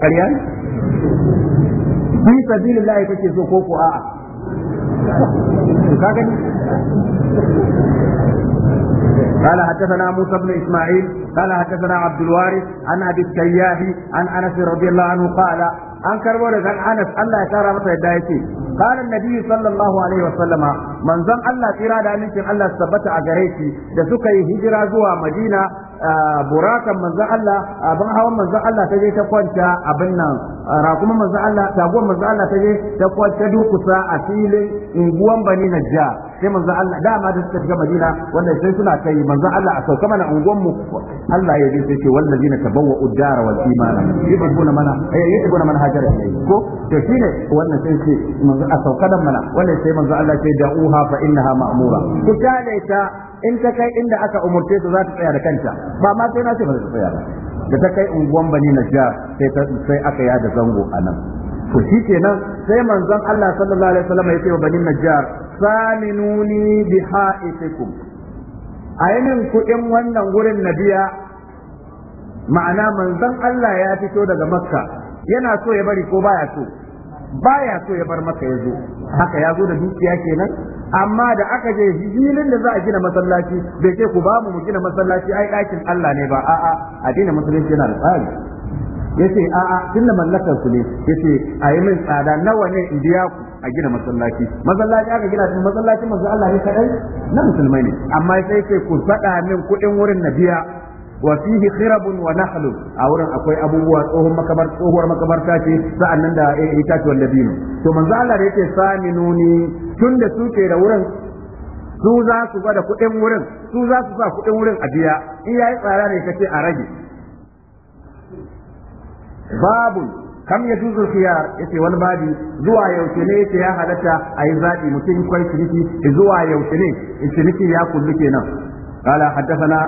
ƙarya kake so ko ko a'a ka gani قال حدثنا موسى بن اسماعيل قال حدثنا عبد الوارث عن ابي التياح عن انس رضي الله عنه قال an karbo daga Anas Allah ya kara masa yadda yake qala annabi sallallahu alaihi wasallama manzon Allah tsira da amincin Allah tabbata a gare shi da suka yi hijira zuwa Madina burakan manzon Allah abin hawan manzon Allah ta je ta kwanta abin nan rakuma manzon Allah taguwar manzon Allah ta je ta kwanta dukusa a filin unguwan Bani Najjar sai manzo Allah dama da suka shiga Madina wannan sai suna kai manzo Allah a sauka mana unguwan mu Allah ya yi sai ce wallazina wal mana mana eh, ko to shine wannan sai ce manzo a sauka mana wannan sai manzo Allah ce da'uha fa innaha ma'mura ku kale ta in ta kai inda aka umurce ta za ta tsaya da kanta ba ma sai na ce ba ta tsaya ba da ta kai unguwan Bani Najjar sai sai aka yada zango nan to nan sai manzon Allah sallallahu alaihi wasallam ya ce wa banin najjar saminuni bi ha'ifikum ainin kuɗin wannan wurin na nabiya ma'ana manzon Allah ya fito daga makka yana so ya bari ko baya so baya so ya bar maka ya zo haka ya zo da dukiya kenan amma da aka je filin da za a gina masallaci bai ce ku ba mu mu gina masallaci ai ɗakin Allah ne ba a'a addinin musulunci yana da tsari yace a'a tunda mallakar su ne yace a yi min tsada nawa ne in biya ku a gina masallaci masallaci aka gina cikin masallaci masu Allah ne kadai na musulmai ne amma sai sai ku faɗa min kuɗin wurin na biya wa fihi khirabun wa nahlun a wurin akwai abubuwa tsohon makabar tsohuwar makabarta ce sa'annan da wanda dabino to manzo Allah da yake sami tunda suke da wurin su za su gwada kuɗin wurin su za su sa kuɗin wurin a biya in yayi tsara ne kace a rage Babu kam ya juzul khiyar yace wani babi zuwa yaushe ne yace ya halatta a yi zaɓi mutum kwai ciniki zuwa yaushe ne ciniki ya kullu kenan haddasa na.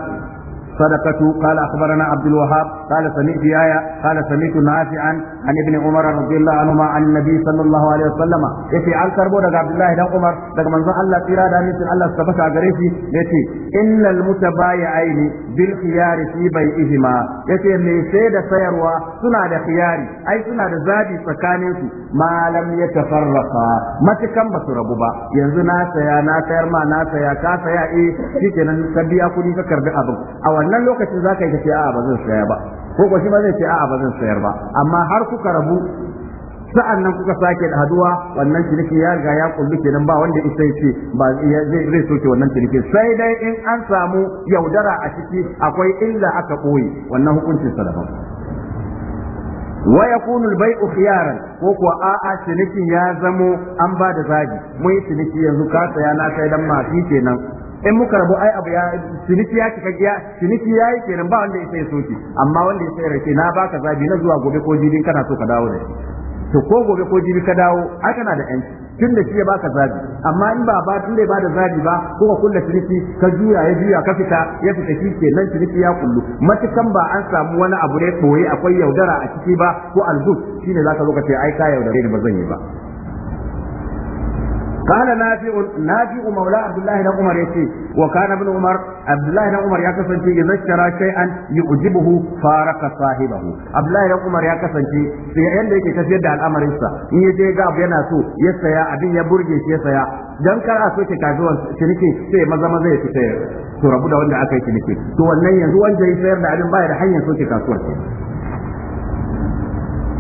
صدقة قال أخبرنا عبد الوهاب قال سمعت آية قال سمعت نافعا عن ابن عمر رضي الله عنهما عن النبي صلى الله عليه وسلم يتي عن كربو دقى عبد الله بن عمر دقى من ظن الله تيرا دامي سن الله سبك عقريسي يتي إن المتبايعين بالخيار في بيئهما يتي من سيد سيروا سنة خياري أي سنة زادي سكانيسي ma ya tafarrafa matakan ba su rabu ba yanzu na saya na sayar ma na saya ka saya eh shikenan ka biya kuɗi ka karbi abin a wannan lokacin zaka yi ka a'a ba zan saya ba ko ko shi ma zai ce a'a ba zan sayar ba amma har kuka rabu sa'an nan kuka sake da haduwa wannan ciniki ya riga ya kullu kenan ba wanda isa ce ba zai soke wannan ciniki sai dai in an samu yaudara a ciki akwai illa aka ɓoye wannan hukuncin sa daban wa yakunu al-bay'u khiyaran ko kuwa a'a cinikin ya zamo an ba da zabi mun ciniki yanzu ka saya na kai dan mafi kenan in muka rabu ai abu ya ciniki ya kika giya ciniki ya yi kenan ba wanda ya sai soki amma wanda ya sai rake na baka zabi na zuwa gobe ko jibi kana so ka dawo da shi to ko gobe ko jibi ka dawo ai kana da yanci tun da shi ya baka zabi amma in ba ba tun da ba da zabi ba ko ka kulla ciniki ka juya ya juya ka fita ya fita shi ke nan ciniki ya kullu matukan ba an samu wani abu ne boye akwai yaudara a ciki ba ko algus shine zaka zo ka ce ai ka yaudare ni ba zan yi ba قال نافع نافع مولى عبد الله بن عمر يتي وكان ابن عمر عبد ya بن عمر يكسنتي اذا اشترى شيئا يعجبه فارق صاحبه عبد الله Umar ya kasance, sai yanda yake tafiyar da al'amarin in ya je ga abu yana so ya saya abin ya burge shi ya saya dan kar a soke kasuwar ciniki sai maza maza ya fita to rabu da wanda aka yi ciniki to wannan yanzu wanda ya sayar da abin baya da hanyar soke kasuwar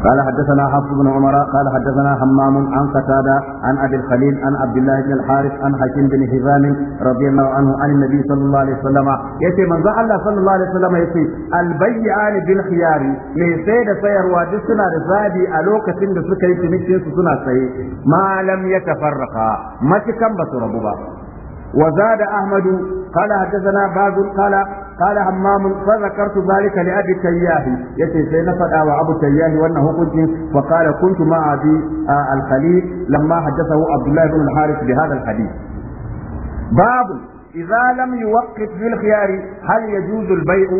قال حدثنا حفص بن عمر قال حدثنا همام عن قتادة عن أبي الخليل عن عبد الله بن الحارث عن حكيم بن هشام رضي الله عنه عن النبي صلى الله عليه وسلم يتي من الله صلى الله عليه وسلم يتي البيعان بالخيار من سيد سير ودسنا رزادي ألوك سند سكري تنشين سنا سي ما لم يتفرقا ما تكم بسربوا وزاد أحمد قال حدثنا باز قال قال حمام فذكرت ذلك لأبي تياه يتي سينا فدا وأبو تياه وأنه كنت فقال كنت مع أبي آه الخليل لما حدثه عبد الله بن الحارث بهذا الحديث باب إذا لم يوقف في الخيار هل يجوز البيع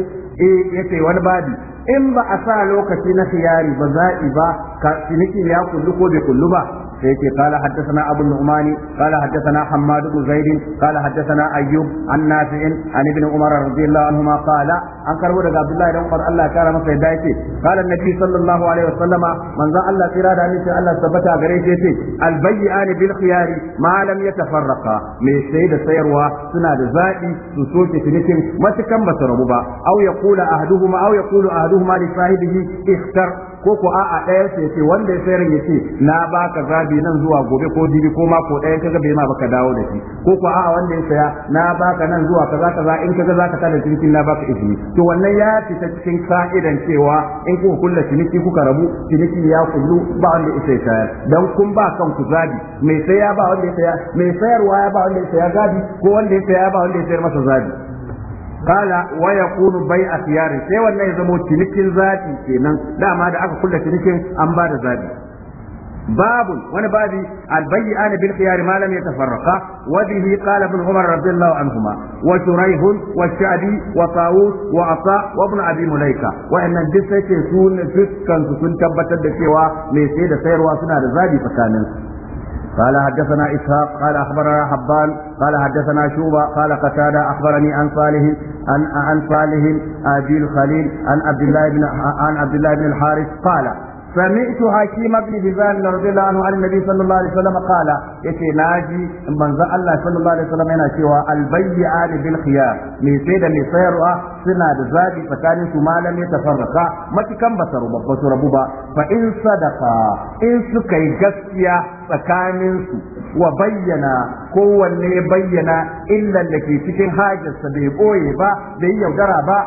إيه يتي والبادي in ba a sa lokaci na khiyari ba za'i ba ka ciniki ya kullu ko bai kullu ba سيتي قال حدثنا أبو النعمان قال حدثنا حماد بن زيد قال حدثنا أيوب عن نافع عن ابن عمر رضي الله عنهما قال عن كربو عبد الله بن عمر الله كان مسا دايتي قال النبي صلى الله عليه وسلم من ذا الله ترادا من الله ثبت غريتي البيعان بالخيار ما لم يتفرقا من سيد سيروا سنا da zaɓi su soke cinikin matukan ba su rabu ba aw yaqulu ahaduhuma aw yaqulu ahaduhuma li sahibihi ikhtar ko ko a'a ɗaya sai ce wanda ya sayar ya ce na baka zabi nan zuwa gobe ko jibi ko mako ɗaya kaga bai ma baka dawo da shi ko ko a'a wanda ya saya na baka nan zuwa kaza kaza in kaga zaka tada cikin na baka izini to wannan ya fita cikin ka'idan cewa in kuka kulla ciniki kuka rabu ciniki ya kullu ba wanda ya sayar dan kun ba kanku zabi mai saya ba wanda ya saya mai sayarwa ya ba wanda ya saya zabi ko wanda ya saya ba wanda ya sayar masa zabi waya wa bai a siyari sai wannan ya zamo cinikin zabi kenan dama da aka kulla cinikin an ba da zabi babu wani babi albayyana bil khiyar ma lam yatafarraqa wa bihi qala ibn umar radiyallahu anhuma wa shurayh wa sha'bi wa tawus wa asa wa ibn abi mulaika wa annan duk sai sun fiskan sun tabbatar da cewa mai sai da sayarwa suna da zabi tsakaninsu قال حدثنا إسحاق قال أخبرنا habban. قال حدثنا شوبة قال قتادة أخبرني عن صالح عن عن صالح أبي الخليل عن عبد الله بن عن عبد الله بن الحارث قال سمعت حكيم بن هزام رضي الله عنه عن النبي صلى الله عليه وسلم قال يتي ناجي من الله صلى الله عليه وسلم yana cewa albayy'an bil khiyar me sai da mai sayarwa suna da zaɓi tsakanin su malam ya tafarraka matukan ba saru rabu ba Ba in sadaqa in suka yi gaskiya tsakaninsu, wa bayyana kowanne bayyana illan da ke cikin hajarsa bai ɓoye ba bai yaudara ba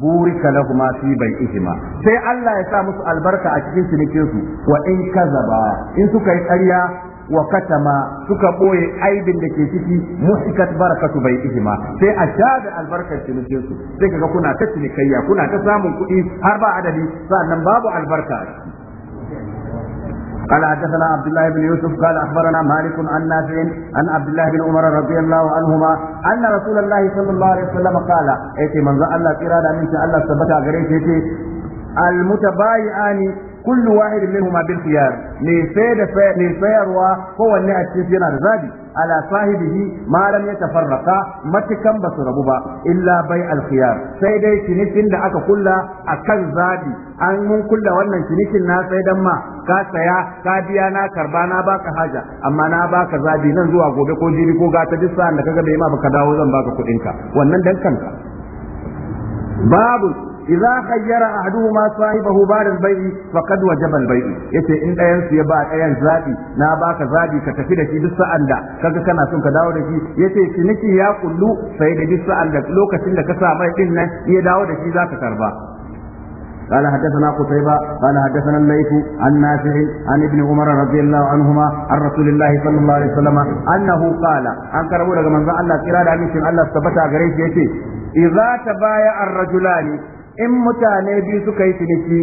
burika lahuma bai ihima sai Allah ya sa musu albarka a cikin cinikin su wa in kazaba in suka yi ƙarya wa katama suka ɓoye aibin da ke ciki musikat barakatu ihima sai a da albarkar cinikin su sai kaga kuna ta cinikayya kuna ta samun kuɗi har ba adadi sannan babu albarka a قال حدثنا عبد الله بن يوسف قال اخبرنا مالك عن نافع عن عبد الله بن عمر رضي الله عنهما ان رسول الله صلى الله عليه وسلم قال ايتي من الله ترى ان الله ثبت غريتي المتبايعان kullu wahid minhuma bil khiyar ne sai da ne sayarwa kowanne a cikin yana da zabi ala sahibihi ma lam yatafarraqa matakan basu rabu ba illa bai al sai dai cinikin da aka kulla akan zabi an mun kulla wannan cinikin na sai dan ma ka saya ka biya na karba na baka haja amma na baka zabi nan zuwa gobe ko jiri ko gata duk sa'an da kaga bai ma baka dawo zan baka kuɗinka wannan dan kanka babu idza khayyara ahaduhuma sahibahu ba'da al-bay'i faqad wajaba al-bay'u yace in ɗayansu ya ba ɗayan zabi na baka zabi ka tafi da shi duk sa'an da kaga kana son ka dawo da shi yace ciniki ya kullu sai da duk lokacin da ka sa mai nan ya dawo da shi zaka karba قال حدثنا قتيبة قال حدثنا الليث عن نافع عن ابن عمر رضي الله عنهما عن رسول الله صلى الله عليه وسلم أنه قال عن كربولا من الله كرار عن الله ثبت غريب يتي إذا تبايع الرجلان in mutane biyu suka yi ciniki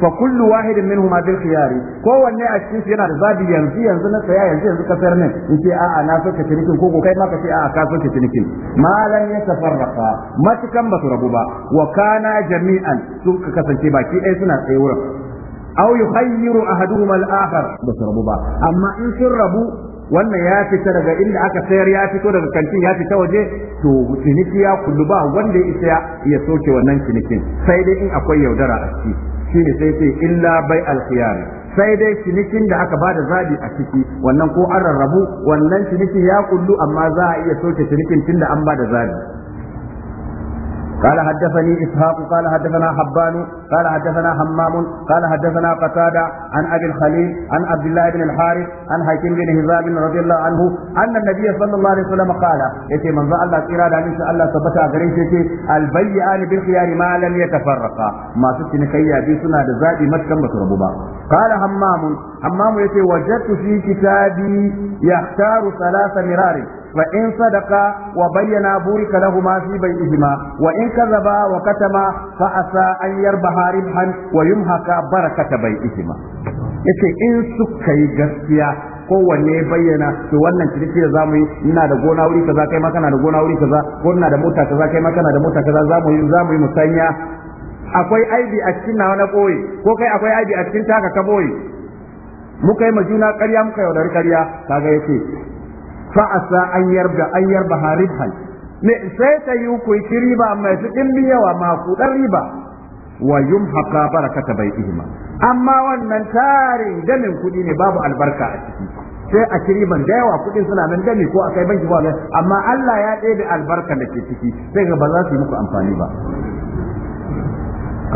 fa kullu wahidin ma bil khiyari kowanne a cikin yana da zabi yanzu yanzu na saya yanzu yanzu ka sayar ne yace a'a na so cinikin ko kai ma ka ce a ka soke cinikin malan ya tafarraqa matukan ba su rabu ba wa kana jami'an sun ka kasance baki ɗaya suna tsaye wurin aw yukhayyiru ahaduhuma al-akhar su rabu ba amma in sun rabu wannan ya fita daga inda aka sayar ya fito daga kantin ya fita waje to ciniki ya kullu ba wanda ya isa ya soke wannan cinikin sai dai in akwai yaudara a ciki shine sai sai illa bai alkhiyar sai dai cinikin da aka bada zabi a ciki wannan ko an rarrabu wannan ciniki ya kullu amma za a iya soke cinikin tunda an bada zabi قال حدثني إسحاق قال حدثنا حبان قال حدثنا حمام قال حدثنا قتادة عن أبي الخليل عن عبد الله بن الحارث عن حكيم بن هزاب رضي الله عنه أن النبي صلى الله عليه وسلم قال يتي من ذا الله إرادة إن شاء الله ثبت أغريش البيعان بالخيار ما لم يتفرقا ما تسكن كي يبي سنة ذاتي مشكا بتربوبا قال حمام حمام يتي وجدت في كتابي يختار ثلاث مرار فإن in sadaqa wa bayyana في lahuma وإن كذبا wa in أن wa katama fa بركة an يكي إن سكي جسيا barakata bainihima in bayyana to wannan kirki da zamu yi ina da gona wuri kaza kai ma kana da gona wuri kaza ko ina da mota kaza kai ma kana da mota kaza zamu yi zamu yi musanya akwai aibi a cikin nawa na koyi ko kai akwai aibi a cikin taka ka boye muka yi juna ƙarya muka yaudari ƙarya kaga yake fa asa an yarba an yarba haribhan ne sai ta yi ku riba mai cikin yawa ma ku dan riba wa yumhaqa barakata bai'ihima amma wannan tarin damin kuɗi ne babu albarka a ciki sai a ci riban da yawa kuɗin suna nan gami ko a kai banki ba amma Allah ya ɗebe albarka da ke ciki sai ga ba za su yi muku amfani ba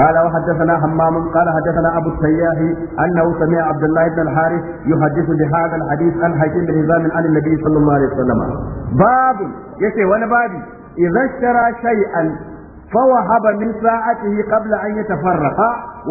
قال وحدثنا حمام قال حدثنا ابو التياح انه سمع عبد الله بن الحارث يحدث بهذا الحديث عن حكيم بن هزام عن النبي صلى الله عليه وسلم باب يكي وانا بابي اذا اشترى شيئا فوهب من ساعته قبل ان يتفرق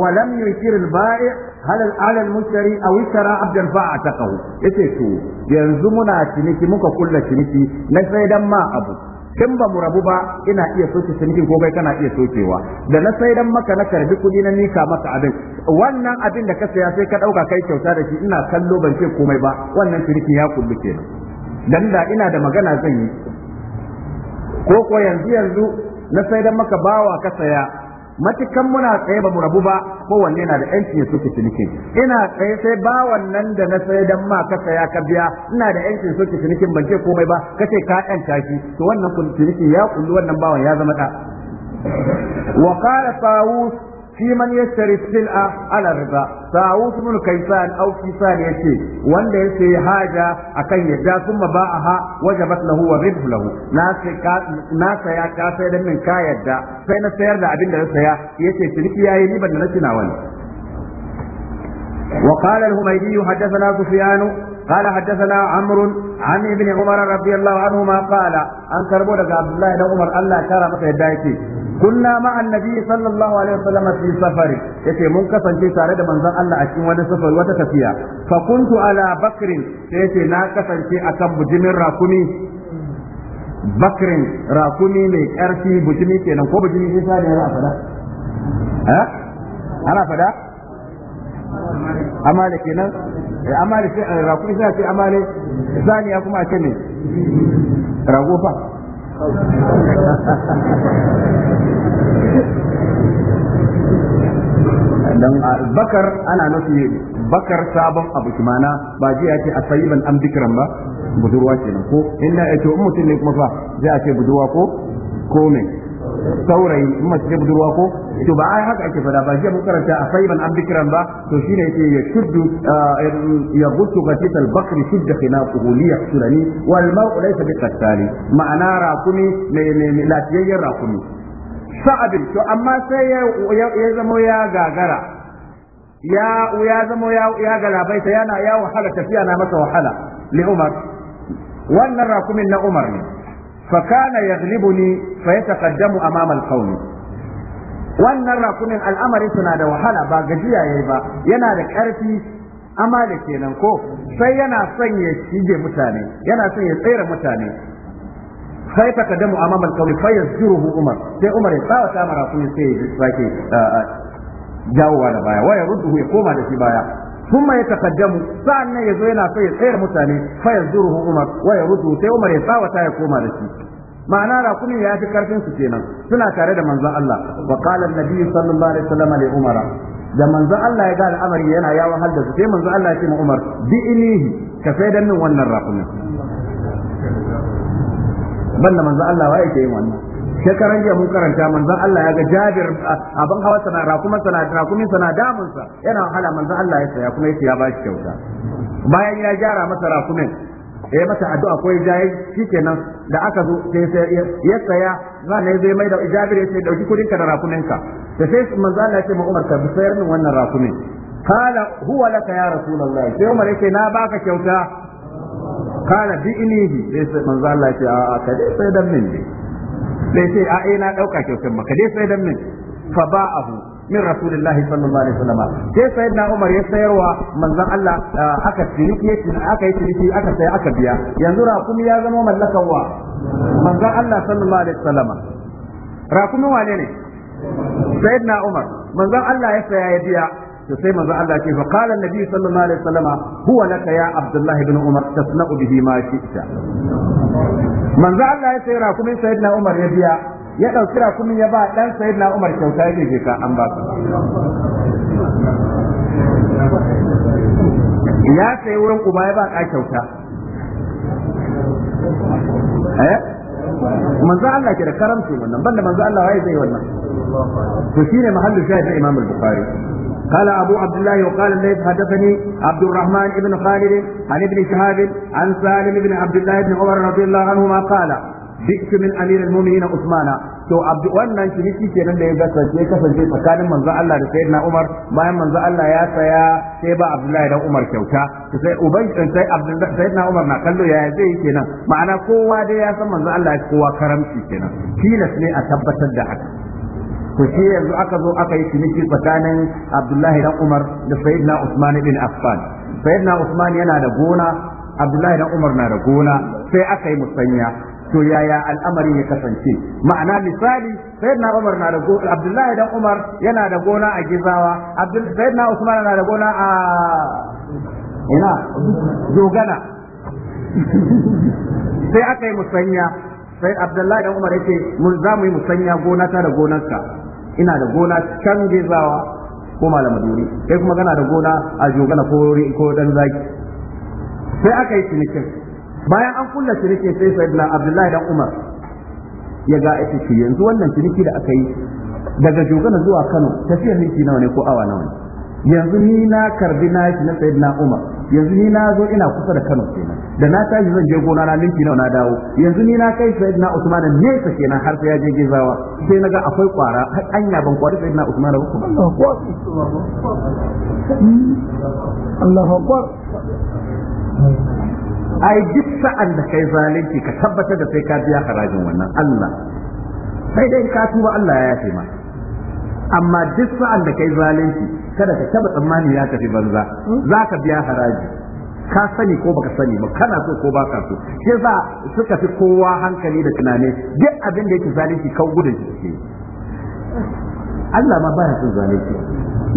ولم ينكر البائع هل على المشتري او اشترى عبدا فاعتقه يكي شو ينزمنا شنكي مكا كل شنكي نسيدا ما ابو in ba mu rabu ba ina iya soke cinikin ko kai kana iya sokewa da na sai dan maka na karbi kudi na nika maka abin wannan abin da ka saya sai ka dauka kai kyauta da shi ina kallo ban ce komai ba wannan sinikin ya kullu ke. dan da ina da magana zan yi ko ko yanzu yanzu na sai dan maka bawa ka saya matukan muna tsaye ba mu rabu ba kowanne na da yanci ya soke cinikin ina tsaye sai ba wannan da na sai dan ma ka saya ka biya ina da ya soke cinikin ban ce komai ba kace ka yanta shi to wannan kun ciniki ya kullu wannan bawan ya zama da wa qala tawus في من يشتري السلعة على الربا طاووس بن كيسان أو كيسان يشي وان يشي حاجة أكن يدا ثم باعها وجبت له والربح له ناس كا ناس يا كاسر من كايدا فين سير ده أبين ده سيا يشي تلك يا يني بدنا نتناول وقال الهميدي حدثنا سفيان قال حدثنا عمرو عن ابن عمر رضي الله عنهما قال ان كربو دغ عبد الله بن عمر الله ترى متى يدايتي kunna ma annabi sallallahu alaihi wasallam fi safari yace mun kasance tare da manzon Allah a cikin wani safari wata tafiya fa ala bakrin sai yace na kasance akan bujimin rakumi bakrin rakumi mai karfi bujimi kenan ko bujimi sai sai ana fada amale kenan eh, amale sai rakumi sai amale saniya kuma a ce ne rago fa dan ah, bakar ana nufi bakar sabon abu kimana ba ji ya ce a sayiban an bikiran ba budurwa kenan ko inda ya ce mutum ne kuma fa zai a budurwa ko ko saurayi in mace ce budurwa ko to ba ai haka ake fada ba shi mun karanta a saiban abdikran ba to shi yake ya shuddu ya gutu qatit al-bakr shudda khinaquhu ya surani wal mar'u laysa biqattali ma'ana rakumi mai mai lafiyayyen rakumi sa'abin to amma sai ya zama ya gagara ya ya zama ya ya ta yana ya wahala tafiya na masa wahala li umar wannan rakumin na umar ne fakana yaghlibuni fa yataqaddamu amama al wannan rakunin al'amarin suna da wahala ba gajiya yayi ba yana da ƙarfi amma da kenan ko sai yana son ya shige mutane yana son ya tsere mutane sai ta kadamu amam al-qawli fa yazjuruhu umar sai umar ya tsawa ta mara kun sai ya sake dawowa ah, ah, da baya waya rudduhu ya koma da shi baya ثم يتقدم سأن يزوينا في خير متاني فيزوره عمر ويرده سي عمر يساوى يقوم رشي ma'ana rakumin ya fi karfin su kenan suna tare da manzon Allah wa qala an sallallahu alaihi umara da manzo Allah ya ga al'amari yana ya wahal da sai manzon Allah ya ce ma Umar bi ilihi ka sai dan min wannan rakumin da manza Allah wa yake yin wannan shekaran jiya mun karanta manzon Allah ya ga Jabir abin hawa sana rakuma sana rakumin sana damun sa yana wahala manzon Allah ya saya kuma yace ya bashi kyauta bayan ya gyara masa rakumin ya yi masa addu'a ko ya shikenan da aka zo sai ya saya za ne zai mai da Jabir ya ce dauki kudin ka da rakumin ka da sai manzon Allah ya ce Umar ka bi sayar min wannan rakumin قال huwa laka ya رسول sai Umar yake na baka kyauta kala bi inihi sai manzon Allah ya ce a ka dai sai dan min ne sai sai a na dauka kyautar maka dai sai dan min fa ba'ahu min rasulillahi sallallahu alaihi wasallam sai sayyidina Umar ya sayarwa manzon Allah ah, aka ciniki aka yi ciniki aka sai aka biya yanzu rakumi ya zama mallakan wa manzon Allah sallallahu alaihi wasallam rakumi wane ne sayyidina Umar manzon Allah ya saya ya biya to sai manzo Allah ce fa qala annabi sallallahu alaihi wasallama huwa laka ya abdullahi ibn umar tasna'u bihi ma shi'ta manzo Allah ya sayi rakumin sayyidina Umar ya biya ya dauki rakumin ya ba dan sayyidina Umar kyauta ya je ka an ba ya sayi wurin uba ya ba ka kyauta eh manzo Allah ke da karamci wannan banda manzo Allah waye zai wannan to shine mahallu shahid na Imam al-Bukhari قال أبو عبد الله وقال الليث حدثني عبد الرحمن بن خالد عن ابن شهاب عن سالم بن عبد الله بن عمر رضي الله عنهما قال بئس من أمير المؤمنين عثمان to wannan ciniki kenan da ya kasance kasance tsakanin manzo Allah da sayyidina Umar bayan manzo Allah ya saya sai ba Abdullahi dan Umar kyauta sai uban eh, sai sayyidina Umar na kallo yaya zai yi kenan ma'ana kowa dai ya san manzo Allah ya kowa karamci kenan tilas ne a tabbatar da haka to shi yanzu aka zo aka yi ciniki tsakanin Abdullahi dan Umar da sayyidina Usman ibn Affan sayyidina Usman yana da gona Abdullahi dan Umar na da gona sai aka yi musanya to yaya al'amari ya kasance ma'ana misali sayyidina Umar na da Abdullahi dan Umar yana da gona a Gizawa sayyidina Usman na da gona a ina dogana sai aka yi musanya sai Abdullahi dan Umar yake mun za mu yi musanya gona ta da gonarsa, ina da gona can Gizawa ko malama duri kai kuma kana da gona a jogana ko ko dan zaki sai aka yi cinikin bayan an kulla ciniki sai sayyidina abdullahi dan umar ya ga ita ce yanzu wannan ciniki da aka yi daga jogana zuwa kano tafiyar minti nawa ne ko awa nawa ne yanzu ni na karbi na shi na sayyidina umar yanzu ni na zo ina kusa da kano kenan da na tashi zan je gona na minti nawa na dawo yanzu ni na kai sayyidina usman nesa kenan har sai ya je gizawa sai naga akwai kwara anya ban kwari sayyidina usman ba ko Allahu akbar ai duk sa'an da kai zalunci ka tabbatar da sai ka biya harajin wannan Allah sai dai ka tuba Allah ya yafe ma amma duk sa'an da kai zalunci kada ka taba tsammani ya tafi banza za ka biya haraji ka sani ko baka sani ba kana so ko baka so shi su suka fi kowa hankali da tunani duk abin da yake zalunci kan gudun shi Allah ma baya son zalunci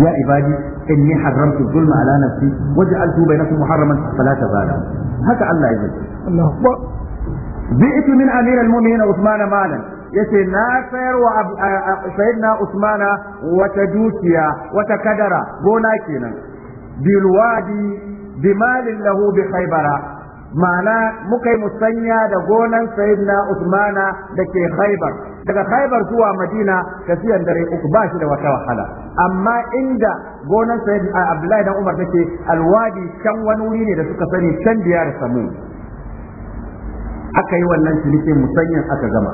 ya ibadi inni haramtu zulma ala nafsi waj'altu bainakum muharraman fala tazalamu haka Allah ya ce Allahu akbar bi'tu min amir al-mu'minin Uthman malan yace na sayar wa sayyidina Uthman wata dukiya wata kadara gona kenan bilwadi bimalin lahu bi khaybara ma'ana muka yi musanya da gonan sayyidina usmana da ke khaibar daga khaibar zuwa madina siyan dare uku ba shi da wata wahala amma inda gonan sayyidina abdullahi dan umar take alwadi can wani wuri ne da suka sani can diyar samu aka yi wannan cinikin musanyan aka gama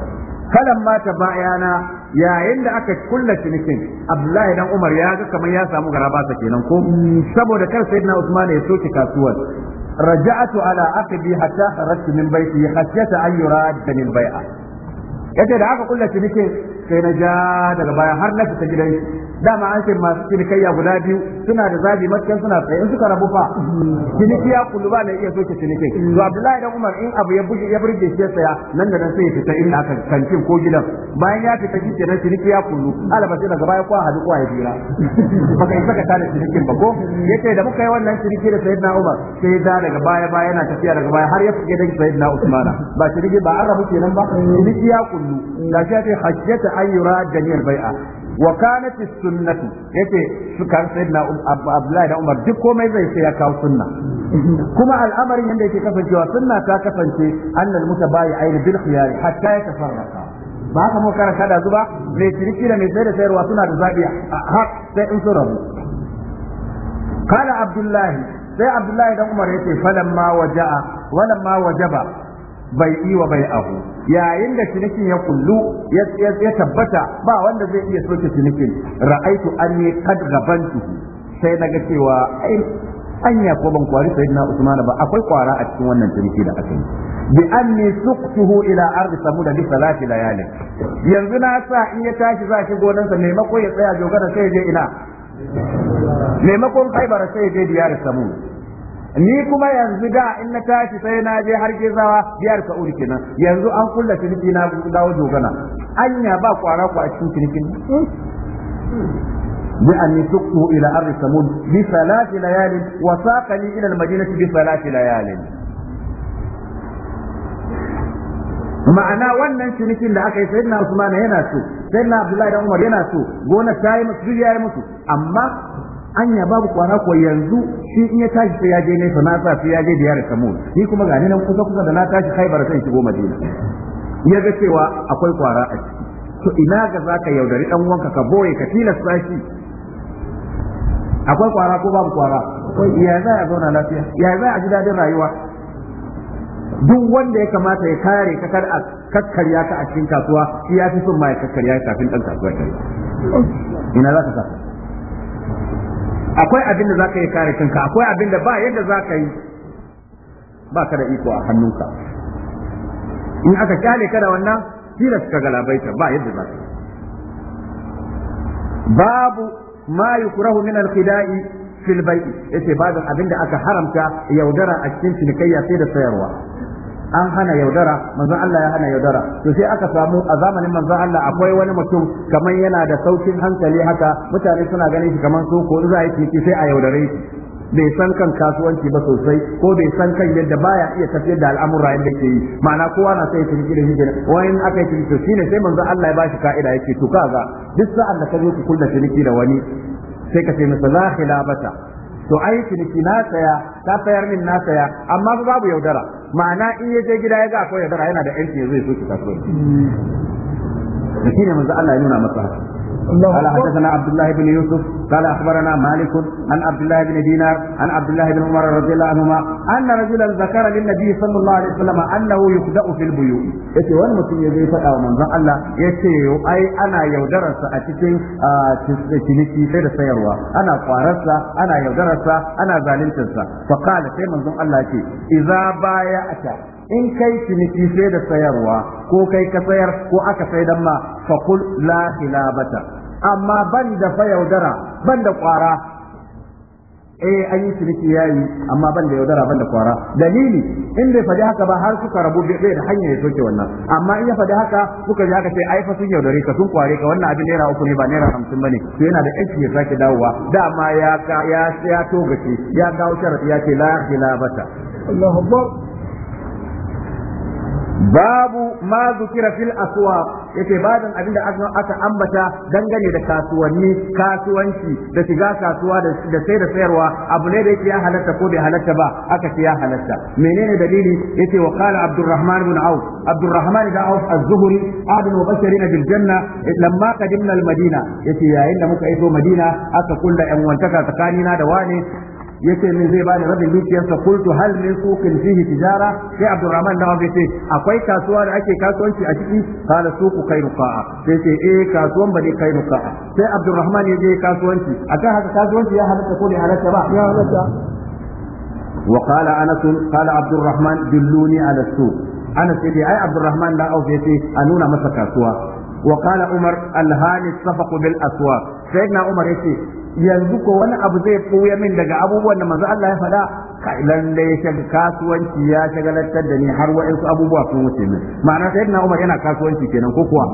kalan mata bayana yayin da aka kulla cinikin Abdullahi dan Umar ya ga kamar ya samu garabasa kenan ko saboda kar sayyidina Usman ya soke kasuwar raja'atu ala aqbi hatta kharajtu min baiti khashyata an da min bai'a yace da aka kulla cinikin sai na ja daga baya har na fita gidan shi dama an ce masu cinikayya guda biyu suna da zabi matkan suna tsaye in suka rabu fa cinikiya kullu ba na iya soke cinikin to Abdullahi dan Umar in abu ya buge ya burge shi saya nan da nan sai ya fita inda aka kantin ko gidan bayan ya fita shi kenan cinikiya kullu alaba sai daga baya kwa hadu kwa ya bira baka isa ka tare cinikin ba ko yace da muka yi wannan ciniki da Sayyidina Umar sai da daga baya baya yana tafiya daga baya har ya fige da Sayyidina Usmana ba ciniki ba an rabu kenan ba cinikiya kullu gashi ya ce hajjata an yurad niyar bai'a wa kanat sunnatu yace su kan sayyidina Abdullahi da Umar duk komai zai sai ya kawo sunna kuma al'amarin yanda yake kasancewa sunna ta kasance annal mutabayi'ain bil khiyar hatta yatafarraqa ba haka mu karanta da zuba mai ciniki da mai sayar da sayarwa suna da zabi har sai in sun rabu قال عبد sai abdullahi dan umar yace falamma waja'a walamma wajaba bai yi wa bai abu yayin da cinikin ya kullu ya tabbata ba wanda zai iya soke cinikin ra'aitu anni kad gabantu sai na ga cewa ai anya ko ban kwari sayyidina usman ba akwai kwara a cikin wannan ciniki da aka yi bi anni suqtuhu ila ardi samuda bi salati layalin yanzu na sa in ya tashi za shi gonansa maimako ya tsaya jogara sai je ina maimakon bara sai je diyar samuda ni kuma yanzu da in na tashi sai na je har gezawa biyar ka uri kenan yanzu an kulla ciniki na dawo dogana anya ba kwara ku a cikin ila ardi samud bi إلى أرض wa بثلاث ila al إلى bi بثلاث ليال ma'ana wannan cinikin da aka yi sayyidina Usman yana so sayyidina Abdullahi da Umar yana so gona tayi yi musu yayi musu amma anya babu kwana ko yanzu shi in ya tashi sai ya je nesa na sa sai ya je da yare samu ni kuma ga ni nan kusa kusa da na tashi khaibar sai shigo madina ya ga cewa akwai kwara a ciki to ina ga zaka yaudari dan wanka ka boye ka tilasta shi akwai kwara ko babu kwara ya za a zauna lafiya ya za a ji dadin rayuwa duk wanda ya kamata ya kare ka kar a kakkarya ka a cikin kasuwa shi ya fi son ma ya kakkarya kafin dan kasuwa ina za ka sa akwai abin da zaka yi kare kanka akwai abin da ba yadda zaka yi ba ka da iko a hannunka in aka kyale ka da wannan tilas ka galabaita ba yadda zaka yi babu ma yukrahu min al-khida'i fil bai'i yace babu abin da aka haramta yaudara a cikin cinikayya sai da sayarwa an hana yaudara manzon Allah ya hana yaudara to sai aka samu a zamanin manzon Allah akwai wani mutum kamar yana da saukin hankali haka mutane suna ganin shi kamar so ko za a yi sai a yaudare shi bai san kan kasuwanci ba sosai ko bai san kan yadda baya iya tafiyar da al'amura yadda ke yi ma'ana kowa na sai ya tunki da hijira wani aka yi tunki to shine sai manzo Allah ya bashi ka'ida yake to kaga duk sa'an da ka zo ku kulla ciniki da wani sai ka ce masa la khilabata to ai ciniki na saya ta sayar min na saya amma fa babu yaudara ma'ana in ya je gida ya ga akwai yaudara yana da yanci zai so shi kasuwanci hmm. shine manzo Allah ya nuna masa قال حدثنا عبد الله بن يوسف قال اخبرنا مالك عن عبد الله بن دينار عن عبد الله بن عمر رضي الله عنهما ان رجلا ذكر للنبي صلى الله عليه وسلم انه يخدع في البيوع yace wani mutum ya zai faɗa wa manzon Allah yace ai ana yaudararsa a cikin ciniki sai da sayarwa ana kwararsa ana yaudararsa ana zaluntarsa fa sai manzon Allah ce idza baya'ata in kai ciniki sai da sayarwa ko kai ka sayar ko aka sai dan ma fa kul la hilabata amma ban da fa yaudara ban da kwara eh an yi ciniki yayi amma ban da yaudara ban da kwara dalili in bai faɗi haka ba har suka rabu bai da hanya ya soke wannan amma in ya faɗi haka kuka ji haka sai ai fa sun yaudare ka sun kware ka wannan abin naira uku ne ba naira hamsin bane to yana da aiki ya sake dawowa dama ya ya ya togace ya dawo sharadi ya ce la hilabata Allahu Akbar babu ma zukira fil aswa yake babin abinda aka ambata dangane da kasuwanni kasuwanci da shiga kasuwa da sai da sayarwa abu ne da yake ya halatta ko bai halatta ba aka ce ya halatta menene dalili yace wa qala abdurrahman ibn auf abdurrahman ibn auf az-zuhri ahad mubashirin bil janna lamma qadimna al-madina yace yayin da muka iso madina aka kulla yan wantaka tsakanina da wane yace min zai bani rabin dukiyarsa kultu hal min suqin fihi tijara sai abdurrahman na wabe akwai kasuwa da ake kasuwanci a ciki qala suqu kainuqa'a sai ce eh kasuwan bane kainuqa'a sai abdurrahman ya je kasuwanci akan haka kasuwanci ya halatta ko bai halatta ba ya halatta وقال انس قال عبد الرحمن دلوني على السوق انس يدي اي عبد الرحمن لا او بيتي انونا مسا كاسوا وقال عمر الهاني الصفق بالاسواق سيدنا عمر يتي yanzu ko wani abu zai ɓuya min daga abubuwan da manzo Allah ya faɗa kai ya shiga kasuwanci ya shagalantar da ni har wa'ansu abubuwa sun wuce min ma'ana na Umar yana kasuwanci kenan ko kuwa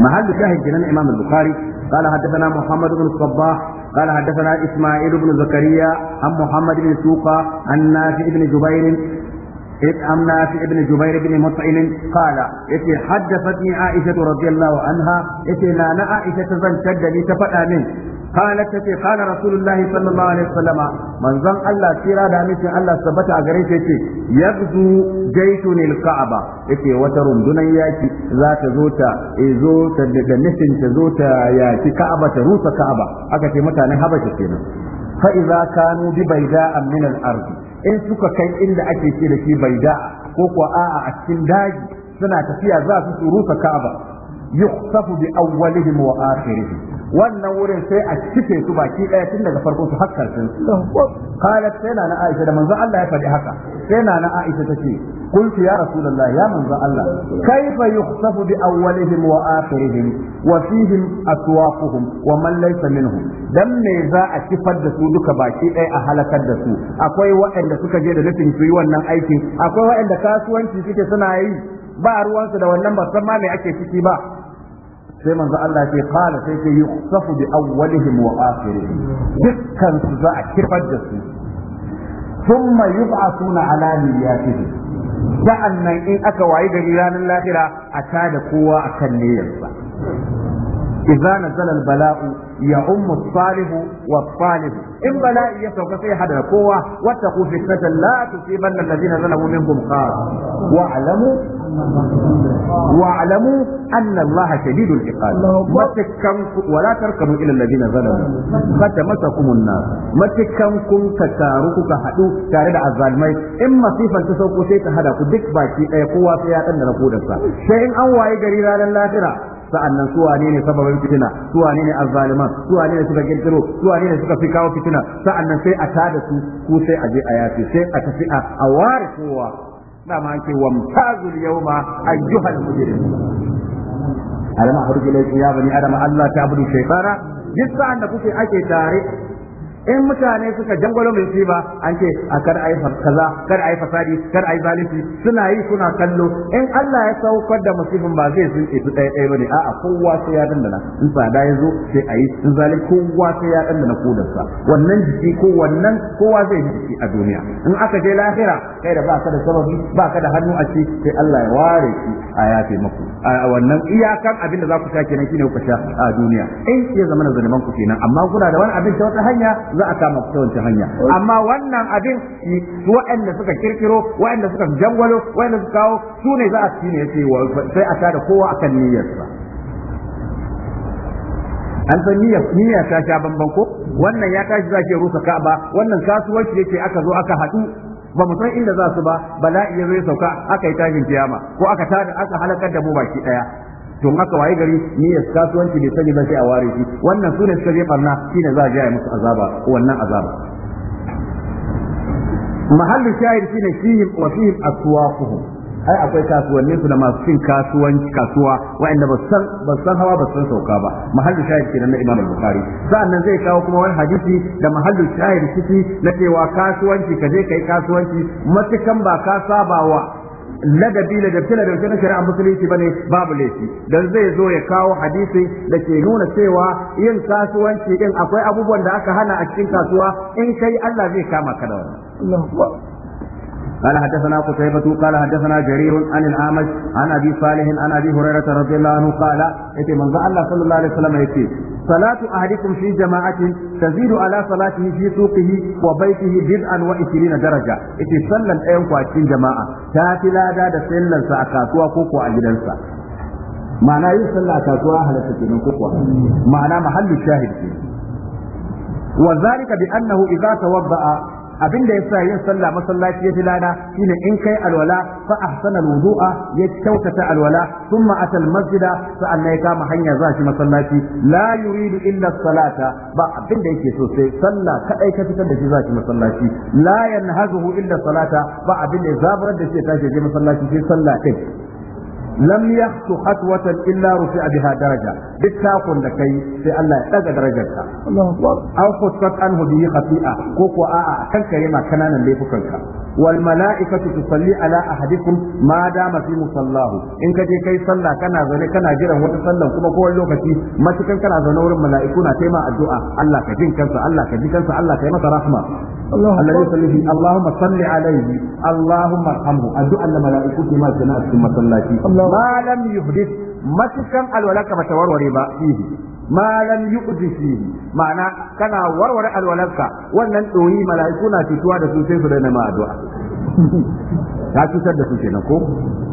mahallu شاهد جنان Imam البخاري قال حدثنا محمد بن الصباح قال حدثنا إسماعيل بن زكريا عن محمد بن سوقة عن نافع بن جبير إذ أمنا في ابن جبير بن مطعم قال إتي حدثتني عائشة رضي الله عنها إتي نانا عائشة زن شدني تفأى من قالت تتي قال رسول الله صلى الله عليه وسلم من زن الله سيرا دامت الله ثبت أغريت إتي يغزو جيش الكعبة إتي وترم دون ياتي ذات زوتا إزو تدنسن تزوتا ياتي كعبة روس كعبة أكتي متى نهبت فإذا كانوا ببيداء من الأرض in suka kai inda ake ce da shi bai da ko kuwa a'a a cikin daji suna tafiya za su su rusa Ka'aba yukhsafu bi awwalihim wa akhirihim wannan wurin sai a cike su baki daya tun daga farko su hakkar sun qalat sai na na Aisha da manzo Allah ya faɗi haka sai na na Aisha tace قلت يا رسول الله يا من الله كيف يخصف بأولهم وآخرهم وفيهم أسواقهم ومن ليس منهم دم ميزا أكفد دسو دك باكي أي أهلك دسو أكوي وإن دسوك جيد لفن سيوان نم أيكي أكوي وإن دكاسوان سيكي سنعي ba ruwansu da wannan ba san ma me ake ciki ba sai manzo Allah ce qala sai ce yukhsafu bi awwalihim wa akhirihim dukkan su za a kifar da su thumma yub'athuna ala niyyatihim sa'an nan in aka wayi gari ranar lahira a tada kowa akan kan niyyarsa Iza na zalal balau ya ummu salihu wa salihu in bala'i ya sauka sai hada kowa wata wattaqu fitnatan la tusibanna alladhina zalamu minkum khas wa'lamu wa'lamu anna Allah shadidul iqab matakan wa la tarkanu ila alladhina zalamu fatamassakum an-nar matakan kun ka taru kuka hadu tare da azalmai in masifan ta sauko sai ta hada ku duk baki daya kowa sai ya danna rakudarsa sai in an waye gari ranar lafira sa'annan su wane ne sababin fitina su wane ne azzaliman su wane ne suka kirkiro su wane ne suka fi kawo fitina sa'annan sai a tada su ko sai a je a yafi sai a tafi a ware kowa dama ake wamtazul yawma ayyuhal mujrim alama hurjilai ya bani adam Allah ta abudu shaytana duk sa'anda da kuke ake tare in mutane suka jangwalo mai shi ba an ce a kar a yi kaza kar a yi fasadi kar a yi zalunci suna yi suna kallo in Allah ya saukar da musibin ba zai sun ce ɗaya ɗaya ne? a'a kowa sai ya dandana in tsada ya zo sai a yi in zalin kowa sai ya dandana kodarsa wannan jiki ko wannan kowa zai yi jiki a duniya in aka je lahira kai da ba ka da sababi ba ka da hannu a ci sai Allah ya ware ki a yafe maku a wannan iyakan abin da za ku sha kenan shine ku sha a duniya in ya zama na zaliman ku kenan amma kuna da wani abin ta wata hanya za a kama ta wancan hanya amma wannan abin waɗanda suka kirkiro waɗanda suka jangwalo waɗanda suka kawo su ne za a ci ne sai a tada kowa akan niyyarsa an san niyyar niyya ta sha bamban ko wannan ya tashi zake rusa Ka'aba wannan kasuwanci yake aka zo aka haɗu ba mu san inda za su ba bala'i ya zai sauka aka yi tashin kiyama ko aka tada aka halakar da mu baki daya to haka waye gari niyyar kasuwanci bai sani ba sai a ware shi wannan sune suka je barna shine za a je musu azaba wannan azaba mahallu shahid shine shi wa fihim aswaquhum ai akwai kasuwanni su da masu cin kasuwanci kasuwa waɗanda ba basan hawa ba san sauka ba mahallu shahid kenan na Imam Bukhari sa'annan zai kawo kuma wani hadisi da mahallu shahid shi na cewa kasuwanci ka je kai kasuwanci matukan ba ka saba wa ladabi ladabce ladabce na shari'a musulunci bane babu laifi dan zai zo ya kawo hadisi da ke nuna cewa yin kasuwanci din akwai abubuwan da aka hana a cikin kasuwa in kai Allah zai kama ka da wannan قال حدثنا قتيبة قال حدثنا جرير عن الأعمش عن أبي صالح عن أبي هريرة رضي الله عنه قال إتي من الله صلى الله عليه وسلم يتي صلاة أحدكم في جماعة تزيد على صلاته في سوقه وبيته بدءا وعشرين درجة إتي صلى الأيام في جماعة تاتي لا داد سلا سأكاتوا كوكو أجلنسا ma'ana yin sallah kasuwa halatta kenan ko kuwa ma'ana mahallin shahid ke wa zalika bi annahu idza tawadda'a abin da yasa yin sallah masallaci ya fi lada shine in kai alwala fa ahsana alwudu'a ya kyautata alwala thumma atal masjida sa'annan ya kama hanya za shi masallaci la yuridu illa salata ba abin da yake so sai sallah kadai ka fitar da shi za shi masallaci la yanhazuhu illa salata ba abin da ya da shi tashi je masallaci sai sallah kai lam yahtu khatwatan illa rufi'a biha daraja duk takun da kai sai Allah ya daga darajarka aw khuttat anhu bi khati'a ko ko a'a kan kare ma kananan laifukanka wal mala'ikatu tusalli ala a ma dama fi musallahu in ka je kai sallah kana zane, kana jiran wata sallan kuma ko wani lokaci matukan kana zaune wurin mala'iku na taima addu'a Allah ka jin kansa Allah ka ji kansa Allah ka yi masa rahma Allah ya salli fi Allahumma salli alaihi Allahumma arhamhu addu'a da mala'iku ke ma a cikin masallaci ma lam yuhdith matukan alwalaka bata warware ba ihi ma lam yuhdith fihi ma'ana kana warware alwalaka wannan doyi mala'iku na cutuwa da su sai su daina ma addu'a ta cutar da su kenan ko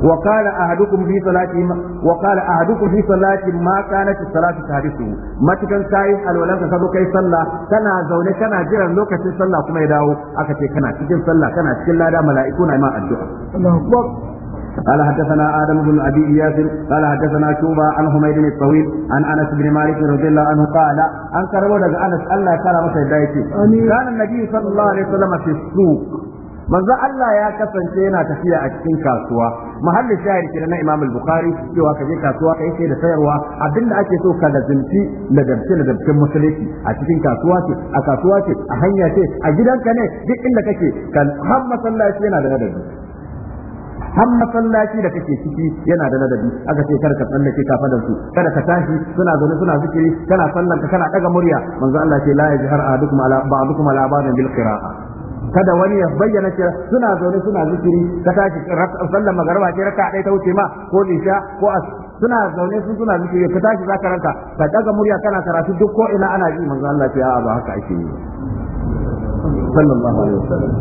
wa qala ahadukum fi salati wa qala ahadukum fi salati ma kanat salatu tahdisu matukan kai alwalan ka zo kai sallah kana zaune kana jiran lokacin sallah kuma ya dawo aka ce kana cikin sallah kana cikin lada mala'iku na ma addu'a قال حدثنا آدم بن أبي إياس قال حدثنا شوبة عن حميد الطويل عن أنس بن مالك رضي الله عنه قال أن كربونا أنس الله كان مسجدايتي كان النبي صلى الله عليه وسلم في السوق manzo Allah ya kasance yana tafiya a cikin kasuwa mahallin shahid kenan na Imam al-Bukhari cewa ka je kasuwa kai sai da sayarwa abinda ake so ka lazimci da lazimcin musulunci a cikin kasuwa ce a kasuwa ce a hanya ce a gidanka ne duk inda kake kan har masallaci yana da ladabi har masallaci da kake ciki yana da ladabi aka ce kada ka tsallake kafadar su kada ka tashi suna zaune suna zikiri kana sallar ka kana daga murya manzo Allah ce la yajhar ahadukum ala ba'dukum ala ba'din bil qira'a kada wani ya bayyana cewa suna zaune suna zikiri ka tashi sallar magarba ce raka dai ta wuce ma ko isha ko as suna zaune sun suna zikiri ka tashi zaka ranka ka daga murya kana karatu duk ko ina ana ji manzo Allah ce a ba haka ake yi sallallahu alaihi wasallam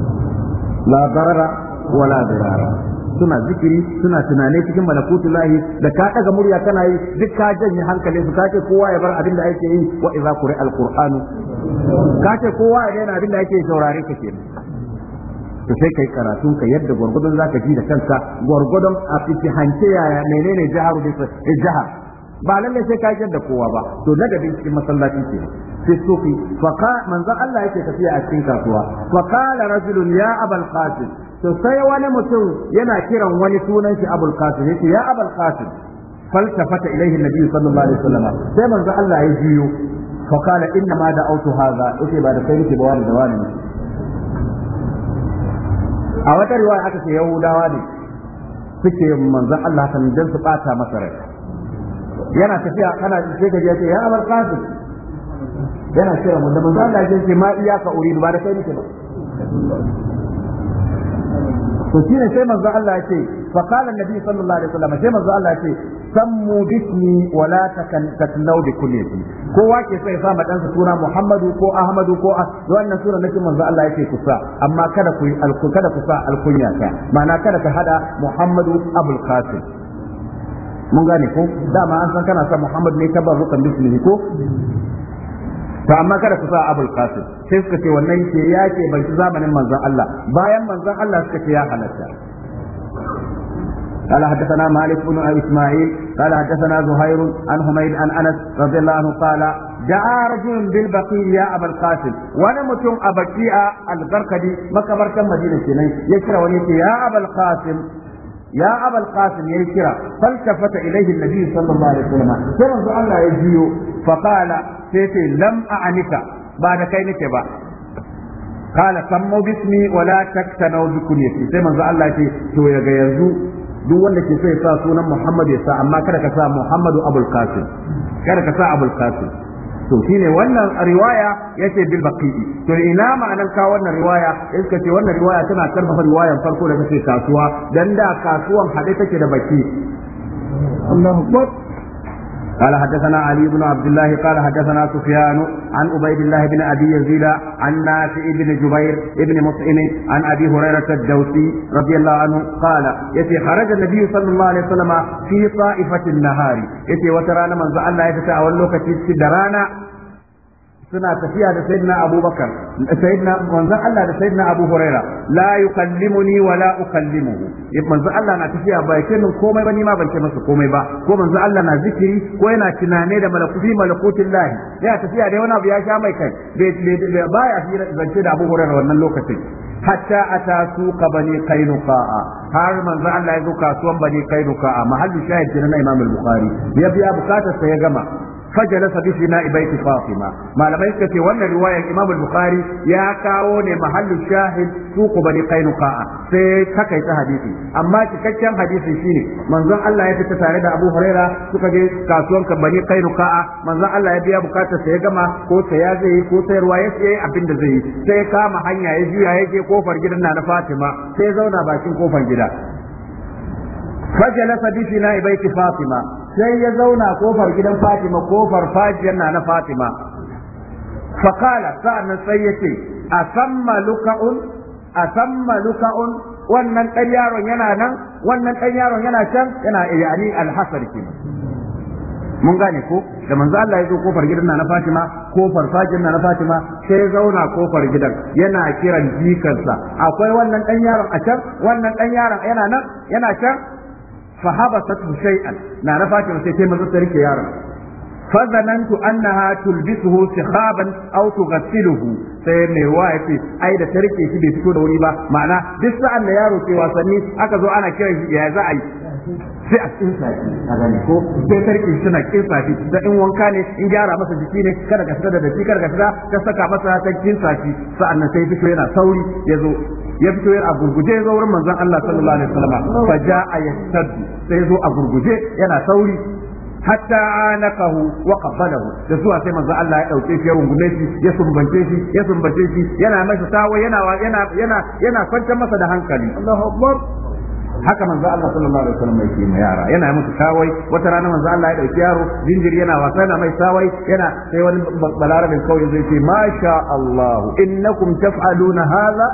la darara wala dirara suna zikiri suna tunane cikin malakutu lahi da ka daga murya kana yi duk ka janye hankalin su kace kowa ya bar abin da ake yi wa idza quri alqur'anu kace kowa ya daina abin da ake saurare ka kenan to sai kai karatu ka yadda gwargwadon zaka ji da kanka gwargwadon a fiti hanke yaya menene jaharu bisa eh, jahar ba lalle sai ka da kowa ba to na ladabi cikin masallaci ke fi sufi faqa manzon Allah yake tafiya a cikin kasuwa faqala rajulun ya abal qasim to sai wani mutum yana kiran wani sunan shi abul qasim yake ya abal qasim faltafata ilaihi nabi sallallahu alaihi wasallam sai manzo Allah ya jiyo فقال انما دعوت هذا da بعد كاي نيكي بوان da wani a wata riwaya aka ce yahudawa ne suke manzon Allah kan dan su bata masa rai yana tafiya ana sai ka je ya abar kafin, yana kira mun da za Allah ya ce ma iyaka uridu ba da kai nake ba to shine sai manzo Allah ya ce fa qala annabi sallallahu alaihi wasallam sai manzo Allah ya ce sammu bismi wa la takannu bi kulli kowa ke sai sa ma dansa suna Muhammadu ko Ahmadu ko wannan sura nake manzo Allah ya ce ku sa amma kada ku kada ku sa alkunya ta ma'ana kada ka hada Muhammadu Abul Qasim mun gane ko dama an san kana son Muhammad ne tabarrukan bismihi ko to amma kada ku sa Abul Qasim sai suka ce wannan ke ya ke bai zamanin manzon Allah bayan manzon Allah suka ce ya halatta قال حدثنا مالك بن اسماعيل قال حدثنا زهير عن حميد عن انس رضي الله عنه قال دعا رجل بالبقيع يا ابا القاسم وانا متم ابكيع البركدي مكبرة مدينة سنين يكرا يا ابا القاسم ya abal ya yi kira faltafata ilayhi annabi sallallahu alaihi wasallam sai manzo Allah ya juyo fa qala sai ce lam a'nika ba da kai nake ba qala sammu wala wa la taktanu bi kunyati sai manzo Allah ya to yaga yanzu duk wanda ke so ya sa sunan Muhammad ya sa amma kada ka sa Muhammadu Abul Qasim kada ka sa Abul Qasim to shine wannan riwaya yace bil baqi'i to ina ma'anan ka wannan riwaya suka ce wannan riwaya tana karfafa riwayan farko da kace kasuwa dan da kasuwan hade take da baki Allahu Akbar قال حدثنا علي بن عبد الله قال حدثنا سفيان عن عبيد الله بن ابي يزيد عن نافع بن جبير بن مطعم عن ابي هريره الدوسي رضي الله عنه قال يتي خرج النبي صلى الله عليه وسلم في طائفه النهار يتي وترانا من الله يتساءل لوكتي في درانا suna tafiya da sayyidina abubakar sayyidina manzon Allah da sayyidina abu huraira la yukallimuni wa la ukallimuhu manzon Allah na tafiya ba yake min komai ba ni ma ban ce masa komai ba ko manzon Allah na zikiri ko yana tunane da malakuti malakutin lahi ya tafiya da wani abu ya sha mai kai ba ya fi zance da abu huraira wannan lokacin hatta ata suka bani kainuka'a har manzo Allah ya zo kasuwan bani kainuka'a mahallu shahid na Imam al-Bukhari ya biya bukatar sa ya gama Fajjala fajalasa bi sina'i baiti fatima malamai suka wannan riwayar imam bukhari ya kawo ne mahallin shahid suku bani qainuqa'a sai takaita hadisi amma cikakken hadisin shine manzon Allah ya fita tare da Abu Huraira suka je kasuwan bani qainuqa'a manzon Allah ya biya bukatar sa ya gama ko saya ko sayarwa ya sai abin da zai yi sai ya kama hanya ya juya ya je kofar gidan na na Fatima sai ya zauna bakin kofar gida fajalasa bi sina'i baiti fatima sai ya zauna kofar gidan Fatima kofar fajiyar na na Fatima faqala sa'an sai yace ce luka'un samma luka'un wannan dan yaron yana nan wannan dan yaron yana can yana yani al mun gane ko da manzo Allah ya zo kofar gidan na Fatima kofar fajin na Fatima sai ya zauna kofar gidan yana kiran jikansa akwai wannan dan yaron a can wannan dan yaron yana nan yana can fahabasatu shay'an na na fatima sai sai mazo ta rike yaron fazanantu annaha tulbisuhu sikhaban aw tughsiluhu sai mai wa ce ai da ta rike shi bai fito da wuri ba ma'ana duk sa'an da yaro ke wasanni aka zo ana kiran shi ya za a yi sai a kinsa shi a gani ko sai karki suna kinsa shi da in wanka ne in gyara masa jiki ne kada ka fita da datti kada ka fita ta saka masa ta kinsa shi sa'annan sai fito yana sauri ya zo ya fito yana a gurguje ya zo wurin manzon Allah sallallahu alaihi wasallam fa ja'a yastaddu sai ya zo a gurguje yana sauri hatta anakahu wa qabbalahu da zuwa sai manzo Allah ya dauke shi ya rungume shi ya sumbace shi ya sumbace shi yana mashi tawa yana yana yana yana kwantar masa da hankali Allahu akbar haka manzo Allah sallallahu alaihi wasallam yake ma yara yana musu sawai wata rana manzo Allah ya dauki yaro jinjiri yana wasa yana mai sawai yana sai wani balarabin kauye zai ce masha Allah innakum taf'aluna hadha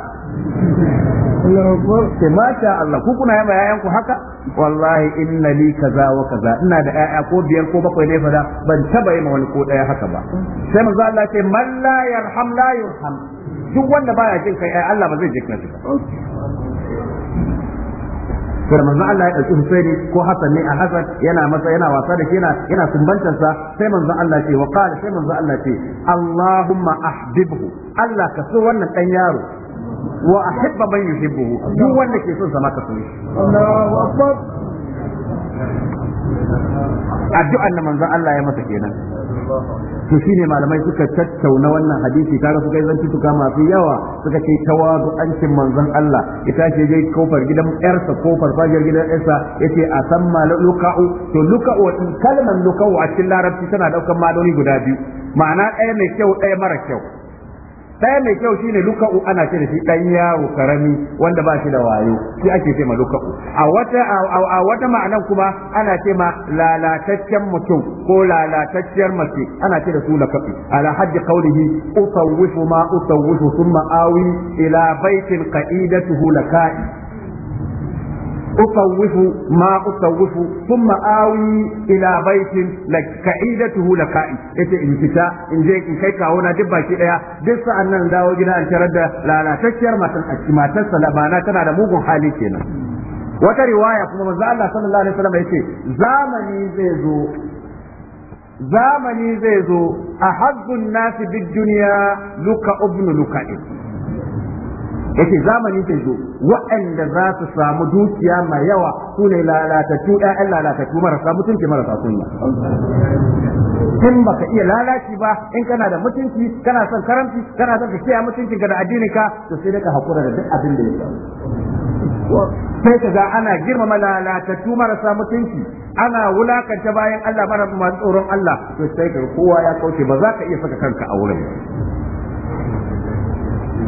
sai masha Allah ku kuna yaba yayan ku haka wallahi inna li kaza wa kaza ina da yaya ko biyar ko bakwai ne fada ban taba yi ma wani ko daya haka ba sai manzo Allah ya ce man la yarham la yurham duk wanda baya jin kai Allah ba zai jikna shi ba sai manzo Allah ya dauki Husaini ko Hassan ne a Hassan yana masa yana wasa da shi yana yana sumbantar sa sai manzo Allah ce wa qala sai manzo Allah ce Allahumma ahbibhu Allah ka so wannan dan yaro wa ahibba man yuhibbuhu duk wanda ke son sa maka so Allahu akbar addu'an da manzo Allah ya masa kenan to ne malamai suka tattauna wannan hadisi kaga kai yi tuka masu yawa suka ce tawazu'ancin manzon Allah ita ce je kofar gidan yarsa kofar fajar gidan yarsa yace a san luka'u to luka'u kalmar luka'u a cikin larabci tana daukan madoni guda biyu ma'ana ɗaya mai kyau ɗaya mara kyau ɗaya mai kyau shine luka'u ana ce da shi ɗan yawo karami wanda ba shi da wayo shi ake ce ma luka'u a wata a wata ma'anan kuma ana ce ma lalataccen mutum ko lalatacciyar mace ana ce da su lakafi ala haddi qawlihi usawwifu ma usawwifu thumma awi ila baitin qa'idatuhu laka'i أطوف ما أطوف ثم آوي إلى بيت لك كعيدته لكائي إيه انتشاء إن جيك إن كيكا هنا دبا شئيا دس أننا نداو جنا أن ترد لا لا تشير ما ما تسلا ما نتنا دموغ حالي كنا wata رواية كما manzo الله صلى الله عليه وسلم zamani زامني زيزو زامني زيزو أحب الناس بالدنيا لك ابن luka ibn yace zamani zai zo waɗanda za su samu dukiya mai yawa su ne lalatattu ƴaƴan lalatattu marasa mutunci marasa sunna in baka iya lalaci ba in kana da mutunci kana son karamci kana son ka kiyaye mutunci ga da addini ka to sai daga hakura da duk abin da ya sai ka ga ana girmama lalatattu marasa mutunci ana wulakanta bayan Allah mara masu tsoron Allah to sai ka kowa ya kauce ba za ka iya saka kanka a wurin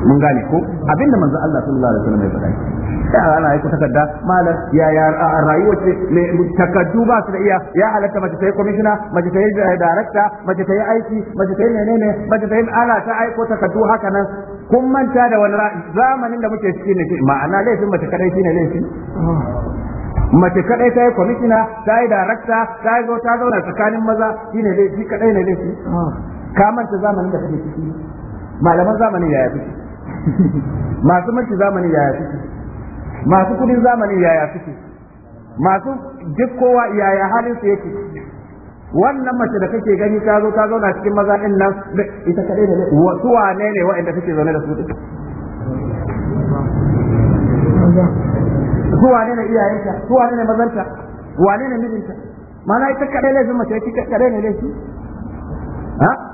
mun gane ko abinda manzo Allah sallallahu alaihi wasallam ya faɗa da ana aiko takarda malam ya ya rayuwa ce ne takaddu ba su da iya ya halatta mace ta yi commissioner mace ta yi eh, director mace ta yi aiki mace ta yi menene mace ta yi ala ta aiko takaddu haka nan kun manta da wani zamanin da muke ciki ne ma'ana laifin mace kadai shine laifin? mace kadai ta yi kwamishina ta yi darakta ta yi zo ta zauna tsakanin maza shine laifi kadai ne laifi ka manta zamanin da kake ciki malaman zamanin yaya ciki masu mulki zamani yaya suke masu kudin zamani yaya suke masu duk kowa yaya halin su yake wannan mace da kake gani ta zo ta zauna cikin maza din nan ita kadai da wasu wane ne waɗanda kake zaune da su din su wane ne iyayenta su wane ne mazanta wane ne mijinta mana ita kadai zama mace ita kadai ne laifi ha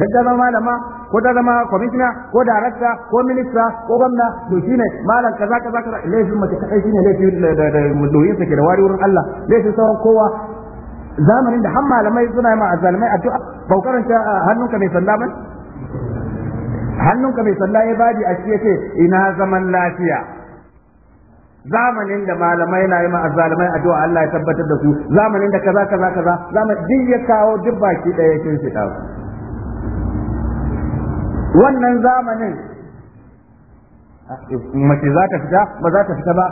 da ta zama malama ko ta zama kwamishina ko darakta ko minista ko gwamna to shine malam kaza kaza kaza laifin mace shi shine laifin da mudoyin ke da wari wurin Allah laifin sauran kowa zamanin da har malamai suna yi ma azalmai addu'a ba ta ah, hannunka mai sanda ba hannunka mai sanda ya badi a cikin ce ina zaman lafiya zamanin da malamai na yi ma azzalimai addu'a Allah ya tabbatar da su zamanin da kaza kaza kaza zamanin duk ya kawo duk baki daya kin shi wannan zamanin mace za ta fita ba za ta fita ba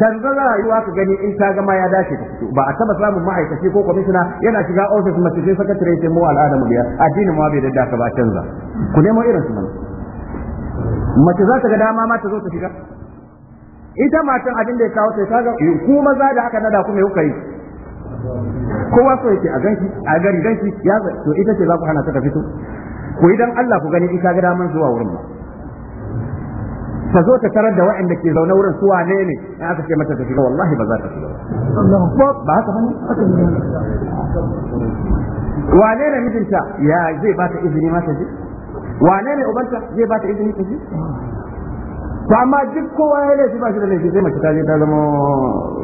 canza za rayuwa ka gani in ta gama ya dace ta fito ba a taba samun ma'aikaci ko kwamishina yana shiga ofis mace sai sakatare sai mu al'ada mu biya addinin ma bai dadda ka ba canza ku nemo irin su mana mace za ta ga dama ma ta zo ta shiga ita matan abin da ya kawo sai kaga ku maza da aka nada ku me kuka yi kowa so yake a ganki a gari ganki ya to ita ce za ku hana ta fito ku yi dan Allah ku gani in ka ga daman zuwa wurin ba ta zo ta tarar da waɗanda ke zaune wurin su ne ne in aka ce mata ta shiga wallahi ba za ta shiga ba haka wane ne mijinta ya zai ba ta izini ma ta je wane ne ubanta zai ba ta izini ta je to amma duk kowa ya laifi ba shi da laifi zai mace ta je ta zama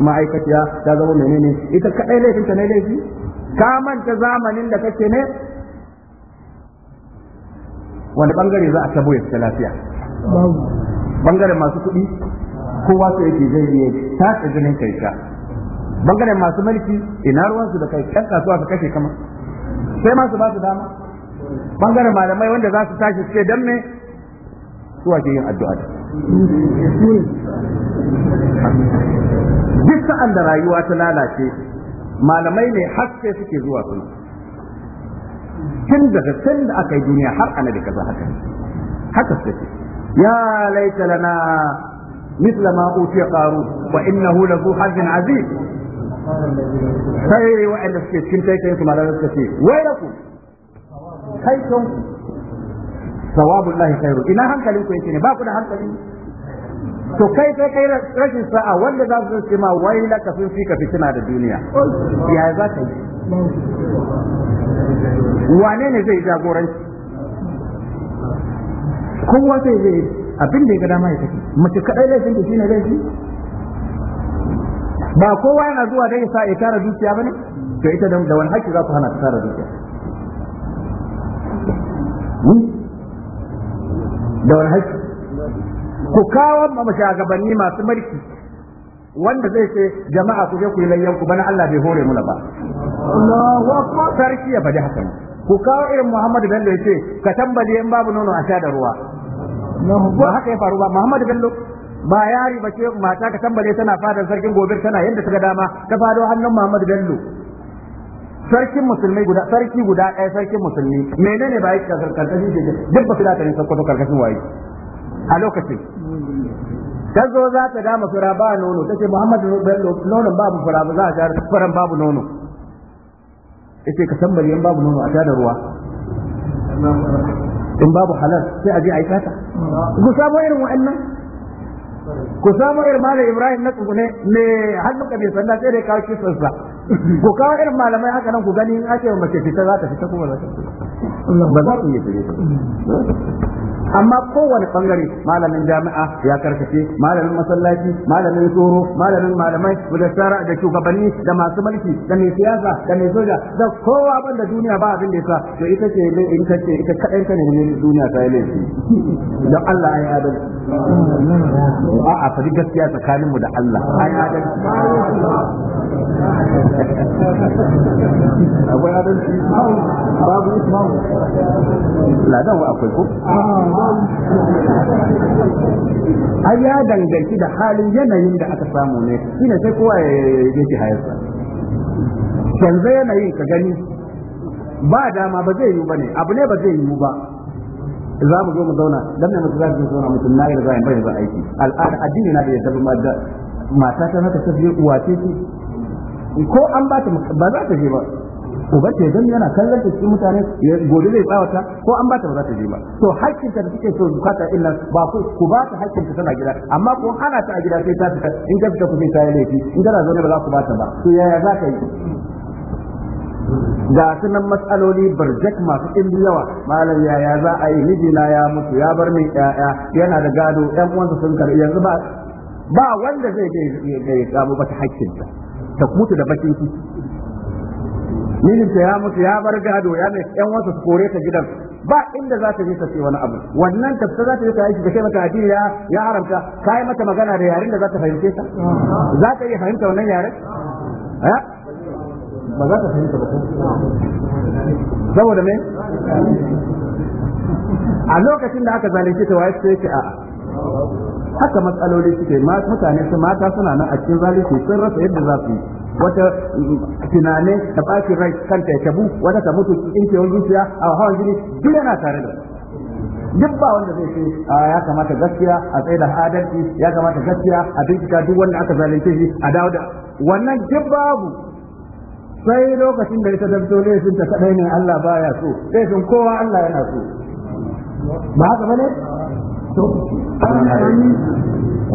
ma'aikaciya ta zama menene ita kadai laifin ta ne laifi ka manta zamanin da kake ne wanda bangare za a tabo ya fita lafiya bangaren masu kuɗi kowa sai yake zai iya ta tsajinin kai ka bangaren masu mulki ina ruwansu da kai kan kasuwa ka kashe kama sai ma su ba su dama bangaren malamai wanda za su tashi ce dan me su ke yin addu'a duk sa'an da rayuwa ta lalace malamai ne haske suke zuwa suna tun daga can da aka yi duniya har annabi kaza haka haka suke ya laita lana misla ma utiya qarun wa innahu lahu hazin aziz sai wa'anda suke cikin taikayin su da suka ce wai da ku kai kan sawabullahi khairu ina hankalinku yake ne ba ku da hankali to kai sai kai rashin sa'a wanda za su ce ma wai laka sun fi ka fitina da duniya ya za ka yi wane ne zai jagoranci kowa sai zai abin da ya ga dama ya tafi mace kadai laifin da shine laifi ba kowa yana zuwa dai sa ya tara dukiya bane to ita da wani haƙƙi za ku hana ta tara dukiya hmm? da wani haƙƙi ku kawo mashagabanni masu mulki wanda zai ce jama'a ku je ku yi layyan ku bana Allah bai hore mu ba Allahu akbar sarki ya faɗi hakan ku kawo irin Muhammadu Bello ya ce ka tambaye in babu nono a sha da ruwa ba haka ya faru ba Muhammadu Bello ba yari ba ce mata ka tambaye tana fadar sarkin gobe tana yadda ta dama ta fado hannun Muhammadu Bello sarkin musulmi guda sarki guda ɗaya sarkin musulmi menene ba yake karkashin duk ba su da ta ne sakkwato karkashin waye a lokacin ta zo za ta dama fura ba nono ta ce muhammadu bello nonon babu fura ba za a sha furan babu nono ce ka san bariyan babu nono a sha da ruwa in babu halar. sai a je a yi fata ku samu irin wa'annan ku samu irin malam ibrahim na tsugune ne hannun ka sannan sai dai kawo kisansa ko kawo irin malamai haka nan ku gani in ake mace fita za ta fita kuma za ta fita ba za ku yi fita amma kowane bangare malamin jami'a ya karkace malamin masallaci malamin tsoro malamin malamai da tsara da shugabanni da masu mulki da mai siyasa da mai soja da kowa banda duniya ba abin da yasa to ita ce ne in ta ce ita kadai ta ne duniya ta yi laifi don Allah ya adalci a a fadi gaskiya tsakaninmu da Allah ai adalci akwai adalci babu ismawu ladan wa akwai ko A ya danganci da halin yanayin da aka samu ne shine sai kowa ya yake hayarsa canza yanayin ka gani ba dama ba zai yiwu ne, abu ne ba zai yiwu ba za mu zo mu zauna dan ne mutum za mu zauna mutum na yi da yarda in bai da aiki al'ada addini na da ya yadda mata ta haka ta biyu uwace ce ko an ba ta ba za ta je ba uba ce dan yana kallon ta cikin mutane ya gobe zai tsawata ko an ba ta ba za ta je ba to hakkinta da kike so bukata illa ba ku ku ba ta hakkin tana gida amma ko hana ta a gida sai ta fita in ka fita ku sai ta yi laifi in kana zaune ba za ku ba ta ba to yaya za ka yi ga sunan matsaloli barjak masu ɗimbi yawa malam yaya za a yi mijina ya mutu ya bar min 'ya'ya yana da gado ɗan uwansa sun karɓi yanzu ba ba wanda zai ga ya samu ba ta hakkinsa ta mutu da bakin ciki mijinta ya mutu ya bar gado ya mai yan wasu su kore ta gidan ba inda za ta je ta ce wani abu wannan tafsir za ta je ta yi da kai mata addini ya ya haramta kai mata magana da yaren da za ta fahimce ta za ta iya fahimta wannan yaren eh? ba za ta fahimta ba saboda me a lokacin da aka zalunce ta waye sai ce a'a haka matsaloli suke mutane su mata suna nan a cikin zalunci sun rasa yadda za su yi wata mm, tunanin da bacin rai kanta ya wata ta mutu in tsinkewar zuciya a hawan jini duk yana tare da duk ba wanda zai ce ya kamata gaskiya a tsaye da adalci ya kamata gaskiya a bincika duk wanda aka zalunce shi a dawo da wannan duk babu sai lokacin da ita ta fito sun ta kadai ne Allah baya so sun kowa Allah yana so ba haka bane to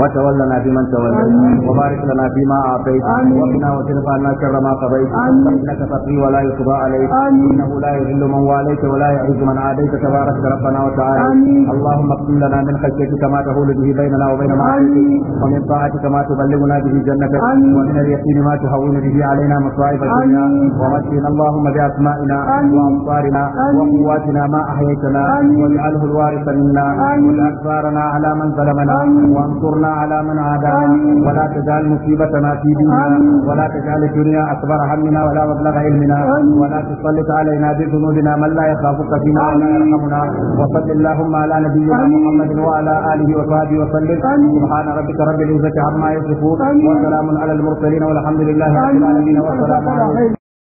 وتولنا فيمن تولي وبارك لنا فيما أعطيت وقنا وصرف عنا شر ما قضيت إنك تقي ولا يقضى عليك إنه لا يذل من واليت ولا يعز من عاديت تبارك ربنا وتعالى اللهم اقسم لنا من خشيتك ما تهول به بيننا وبين معاصيك ومن طاعتك ما تبلغنا به جنتك ومن اليقين ما تهون به علينا مصائب الدنيا ومتنا اللهم بأسمائنا وأبصارنا وقواتنا ما أحييتنا واجعله الوارث منا واجعل على من ظلمنا وانصرنا على من عادانا ولا تجعل مصيبتنا في ديننا ولا تجعل الدنيا اكبر همنا ولا مبلغ علمنا ولا تسلط علينا بذنوبنا من لا يخافك فينا ولا يرحمنا وصل اللهم على نبينا محمد وعلى اله وصحبه وسلم سبحان ربك رب العزه عما يصفون وسلام على المرسلين والحمد لله رب العالمين والسلام عليكم